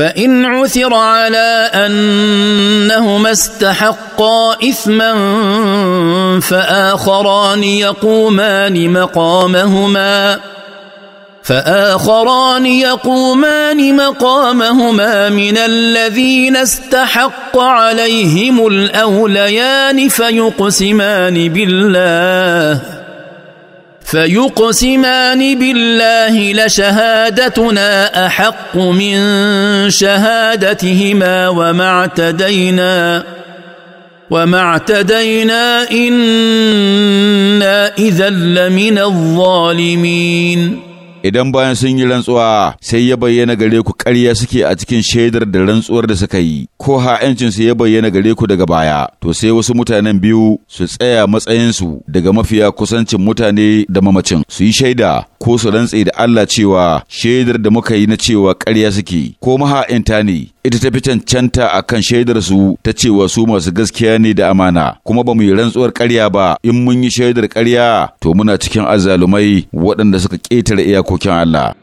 فان عثر على انهما استحقا اثما فاخران يقومان مقامهما فاخران يقومان مقامهما من الذين استحق عليهم الاوليان فيقسمان بالله فيقسمان بالله لشهادتنا احق من شهادتهما وما اعتدينا وما اعتدينا انا اذا لمن الظالمين idan bayan sun yi rantsuwa sai ya bayyana gare ku ƙarya suke a cikin shaidar da rantsuwar da suka yi ko ha'yancinsu ya bayyana gare ku daga baya to sai wasu mutanen biyu su tsaya matsayinsu daga mafiya kusancin mutane da mamacin su yi shaida ko su rantse da Allah cewa shaidar da muka yi na cewa ƙarya suke ko maha'inta ne ita ta fi cancanta a kan shaidarsu ta cewa su masu gaskiya ne da amana kuma ba mu yi rantsuwar ƙarya ba in mun yi shaidar ƙarya to muna cikin azalumai waɗanda suka ƙetare iyakokin Allah.